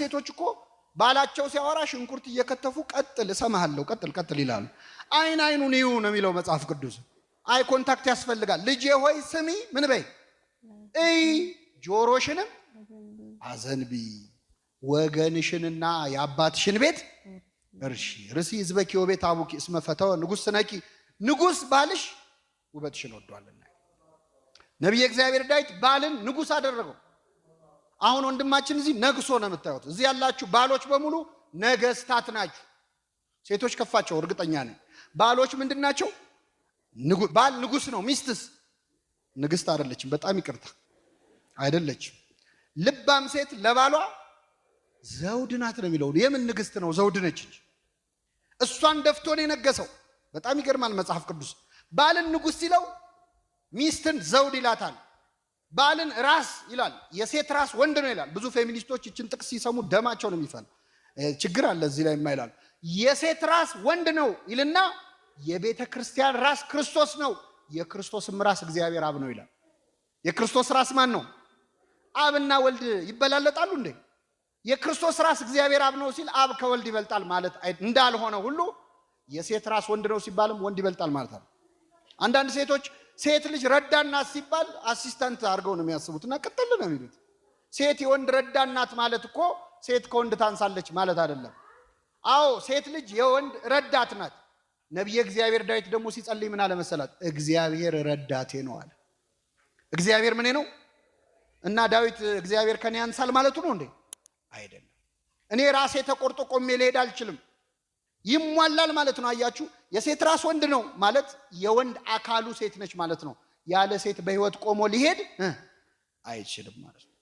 ሴቶች እኮ ባላቸው ሲያወራ ሽንኩርት እየከተፉ ቀጥል፣ እሰማሃለሁ፣ ቀጥል፣ ቀጥል ይላሉ። አይን አይኑን ይዩ ነው የሚለው መጽሐፍ ቅዱስ። አይ ኮንታክት ያስፈልጋል። ልጄ ሆይ ስሚ፣ ምን በይ እይ፣ ጆሮሽንም አዘንቢ፣ ወገንሽንና የአባትሽን ቤት እርሺ። ርሲ ህዝበኪ ወቤት አቡኪ እስመ ፈተወ ንጉሥ ነኪ፣ ንጉሥ ባልሽ ውበትሽን ወዷልና። ነቢየ እግዚአብሔር ዳዊት ባልን ንጉሥ አደረገው። አሁን ወንድማችን እዚህ ነግሶ ነው የምታዩት። እዚህ ያላችሁ ባሎች በሙሉ ነገስታት ናችሁ። ሴቶች ከፋቸው እርግጠኛ ነኝ። ባሎች ምንድን ናቸው? ባል ንጉስ ነው። ሚስትስ ንግስት አይደለችም። በጣም ይቅርታ አይደለችም። ልባም ሴት ለባሏ ዘውድ ናት ነው የሚለው። የምን ንግስት ነው? ዘውድ ነች እንጂ እሷን ደፍቶ ነው የነገሰው። በጣም ይገርማል። መጽሐፍ ቅዱስ ባልን ንጉስ ሲለው ሚስትን ዘውድ ይላታል። ባልን ራስ ይላል። የሴት ራስ ወንድ ነው ይላል። ብዙ ፌሚኒስቶች ይችን ጥቅስ ሲሰሙ ደማቸው ነው የሚፈል። ችግር አለ እዚህ ላይ ይላል። የሴት ራስ ወንድ ነው ይልና የቤተ ክርስቲያን ራስ ክርስቶስ ነው፣ የክርስቶስም ራስ እግዚአብሔር አብ ነው ይላል። የክርስቶስ ራስ ማን ነው? አብና ወልድ ይበላለጣሉ እንዴ? የክርስቶስ ራስ እግዚአብሔር አብ ነው ሲል አብ ከወልድ ይበልጣል ማለት እንዳልሆነ ሁሉ የሴት ራስ ወንድ ነው ሲባልም ወንድ ይበልጣል ማለት ነው። አንዳንድ ሴቶች ሴት ልጅ ረዳናት ሲባል አሲስታንት አድርገው ነው የሚያስቡት እና ቅጥል ነው የሚሉት። ሴት የወንድ ረዳናት ማለት እኮ ሴት ከወንድ ታንሳለች ማለት አይደለም። አዎ ሴት ልጅ የወንድ ረዳት ናት። ነቢየ እግዚአብሔር ዳዊት ደግሞ ሲጸልይ ምን አለመሰላት? እግዚአብሔር ረዳቴ ነው አለ። እግዚአብሔር ምኔ ነው እና ዳዊት እግዚአብሔር ከኔ ያንሳል ማለቱ ነው እንዴ? አይደለም። እኔ ራሴ ተቆርጦ ቆሜ ልሄድ አልችልም። ይሟላል ማለት ነው። አያችሁ፣ የሴት ራስ ወንድ ነው ማለት የወንድ አካሉ ሴት ነች ማለት ነው። ያለ ሴት በህይወት ቆሞ ሊሄድ አይችልም ማለት ነው።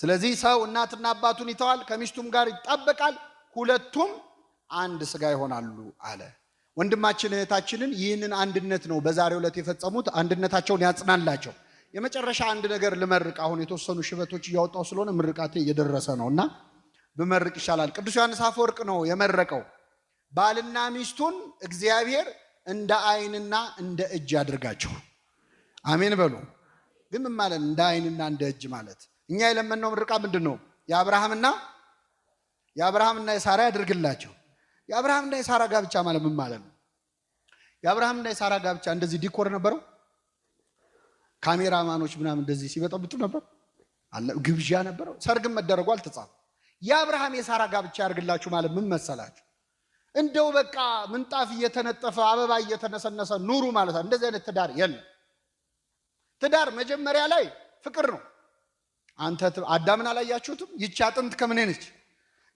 ስለዚህ ሰው እናትና አባቱን ይተዋል፣ ከሚስቱም ጋር ይጣበቃል፣ ሁለቱም አንድ ስጋ ይሆናሉ አለ። ወንድማችን እህታችንን ይህንን አንድነት ነው በዛሬው ዕለት የፈጸሙት። አንድነታቸውን ያጽናላቸው። የመጨረሻ አንድ ነገር ልመርቅ። አሁን የተወሰኑ ሽበቶች እያወጣው ስለሆነ ምርቃቴ እየደረሰ ነው እና ብመርቅ ይሻላል። ቅዱስ ዮሐንስ አፈወርቅ ነው የመረቀው ባልና ሚስቱን እግዚአብሔር እንደ አይንና እንደ እጅ ያድርጋቸው። አሜን በሉ። ግን ምን ማለት እንደ አይንና እንደ እጅ ማለት እኛ የለመነው ምርቃ ምንድን ነው? የአብርሃምና የአብርሃምና የሳራ ያድርግላቸው። የአብርሃምና የሳራ ጋብቻ ማለት ምን ማለት ነው? የአብርሃምና የሳራ ጋብቻ እንደዚህ ዲኮር ነበረው? ካሜራማኖች ምናምን እንደዚህ ሲበጠብጡ ነበር? ግብዣ ነበረው? ሰርግም መደረጉ አልተጻፈ የአብርሃም የሳራ ጋብቻ ያድርግላችሁ ማለት ምን መሰላችሁ? እንደው በቃ ምንጣፍ እየተነጠፈ አበባ እየተነሰነሰ ኑሩ ማለት እንደዚህ አይነት ትዳር የለም። ትዳር መጀመሪያ ላይ ፍቅር ነው። አንተ አዳምን አላያችሁትም? ይቺ አጥንት ከምን ነች?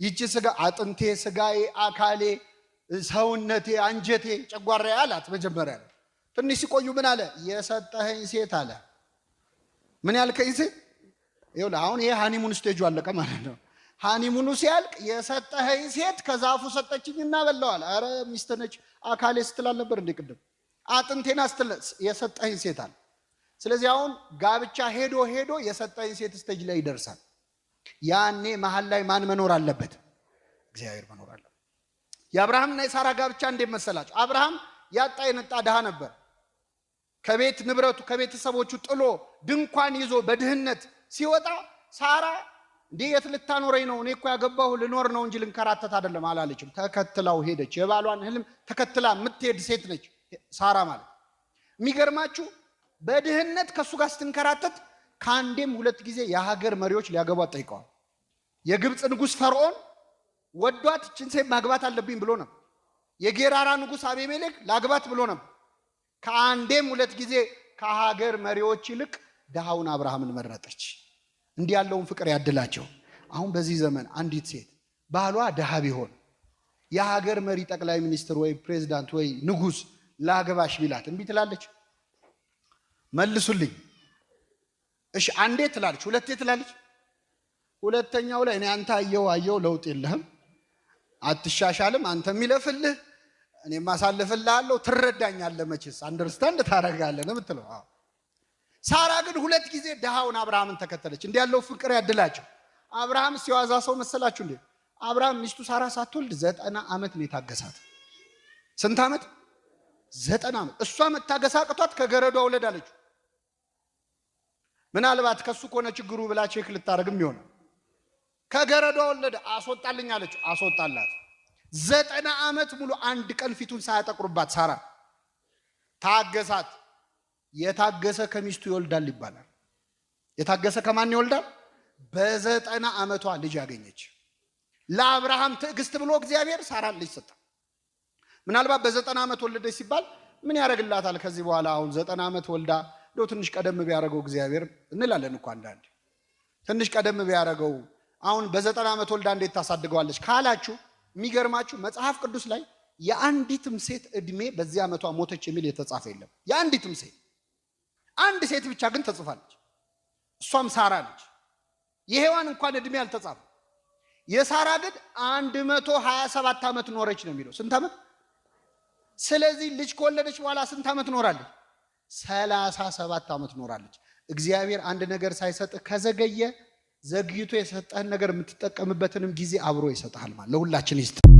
ይቺ ስጋ አጥንቴ፣ ስጋዬ፣ አካሌ፣ ሰውነቴ፣ አንጀቴ፣ ጨጓራ አላት። መጀመሪያ ላይ ትንሽ ሲቆዩ ምን አለ? የሰጠኸኝ ሴት አለ። ምን ያልከኝ ሴት? ይኸውልህ አሁን ይሄ ሃኒሙን ስቴጁ አለቀ ማለት ነው። ሃኒሙኑ ሲያልቅ የሰጠኸኝ ሴት ከዛፉ ሰጠችኝና በላዋል። አረ ሚስት ነች አካሌ ስትላል ነበር እንደ ቅድም አጥንቴን አስትለ የሰጠኝ ሴት አለ። ስለዚህ አሁን ጋብቻ ሄዶ ሄዶ የሰጠኝ ሴት ስቴጅ ላይ ይደርሳል። ያኔ መሀል ላይ ማን መኖር አለበት? እግዚአብሔር መኖር አለበት። የአብርሃምና የሳራ ጋብቻ እንዴት መሰላቸው? አብርሃም ያጣ የነጣ ድሃ ነበር። ከቤት ንብረቱ ከቤተሰቦቹ ጥሎ ድንኳን ይዞ በድህነት ሲወጣ ሳራ እንዴ የት ልታኖረኝ ነው? እኔ እኮ ያገባሁ ልኖር ነው እንጂ ልንከራተት አይደለም አላለችም። ተከትላው ሄደች። የባሏን ህልም ተከትላ የምትሄድ ሴት ነች ሳራ ማለት። የሚገርማችሁ በድህነት ከእሱ ጋር ስትንከራተት ከአንዴም ሁለት ጊዜ የሀገር መሪዎች ሊያገቧት ጠይቀዋል። የግብፅ ንጉሥ ፈርዖን ወዷት ችንሴ ማግባት አለብኝ ብሎ ነበር። የጌራራ ንጉሥ አቤሜሌክ ላግባት ብሎ ነበር። ከአንዴም ሁለት ጊዜ ከሀገር መሪዎች ይልቅ ድሃውን አብርሃምን መረጠች። እንዲህ ያለውን ፍቅር ያድላቸው። አሁን በዚህ ዘመን አንዲት ሴት ባሏ ድሃ ቢሆን የሀገር መሪ ጠቅላይ ሚኒስትር ወይ ፕሬዚዳንት ወይ ንጉስ ላገባሽ ቢላት እምቢ ትላለች? መልሱልኝ። እሺ አንዴ ትላለች፣ ሁለቴ ትላለች። ሁለተኛው ላይ እኔ አንተ አየው አየው ለውጥ የለህም አትሻሻልም፣ አንተ የሚለፍልህ እኔ ማሳልፍልሃለሁ፣ ትረዳኛለህ፣ መችስ አንደርስታንድ ታደርጋለህ ነው የምትለው ሳራ ግን ሁለት ጊዜ ድሃውን አብርሃምን ተከተለች። እንዲህ ያለው ፍቅር ያድላቸው። አብርሃም ሲዋዛ ሰው መሰላችሁ እንዴ? አብርሃም ሚስቱ ሳራ ሳትወልድ ዘጠና ዓመት ነው የታገሳት። ስንት ዓመት? ዘጠና ዓመት። እሷ መታገሳ አቅቷት ከገረዷ ውለድ ምናልባት ከሱ ከሆነ ችግሩ ብላ ቼክ ልታደርግም ይሆናል። ከገረዷ ወለደ። አስወጣልኝ አለች። አስወጣላት። ዘጠና ዓመት ሙሉ አንድ ቀን ፊቱን ሳያጠቁርባት ሳራ ታገሳት። የታገሰ ከሚስቱ ይወልዳል ይባላል። የታገሰ ከማን ይወልዳል? በዘጠና ዓመቷ ልጅ ያገኘች ለአብርሃም ትዕግስት ብሎ እግዚአብሔር ሳራን ልጅ ሰጣ። ምናልባት በዘጠና ዓመት ወለደች ሲባል ምን ያደርግላታል? ከዚህ በኋላ አሁን ዘጠና ዓመት ወልዳ እንደው ትንሽ ቀደም ቢያደርገው እግዚአብሔር እንላለን እኮ አንዳንድ ትንሽ ቀደም ቢያደርገው አሁን በዘጠና ዓመት ወልዳ እንዴት ታሳድገዋለች ካላችሁ የሚገርማችሁ መጽሐፍ ቅዱስ ላይ የአንዲትም ሴት ዕድሜ በዚህ ዓመቷ ሞተች የሚል የተጻፈ የለም። የአንዲትም ሴት አንድ ሴት ብቻ ግን ተጽፋለች። እሷም ሳራ ነች። የሔዋን እንኳን እድሜ አልተጻፈ። የሳራ ግን አንድ መቶ ሀያ ሰባት ዓመት ኖረች ነው የሚለው። ስንት ዓመት? ስለዚህ ልጅ ከወለደች በኋላ ስንት ዓመት ኖራለች? ሰላሳ ሰባት ዓመት ኖራለች። እግዚአብሔር አንድ ነገር ሳይሰጥህ ከዘገየ ዘግይቶ የሰጠህን ነገር የምትጠቀምበትንም ጊዜ አብሮ ይሰጥሃል። ማለት ለሁላችን ይስጥ።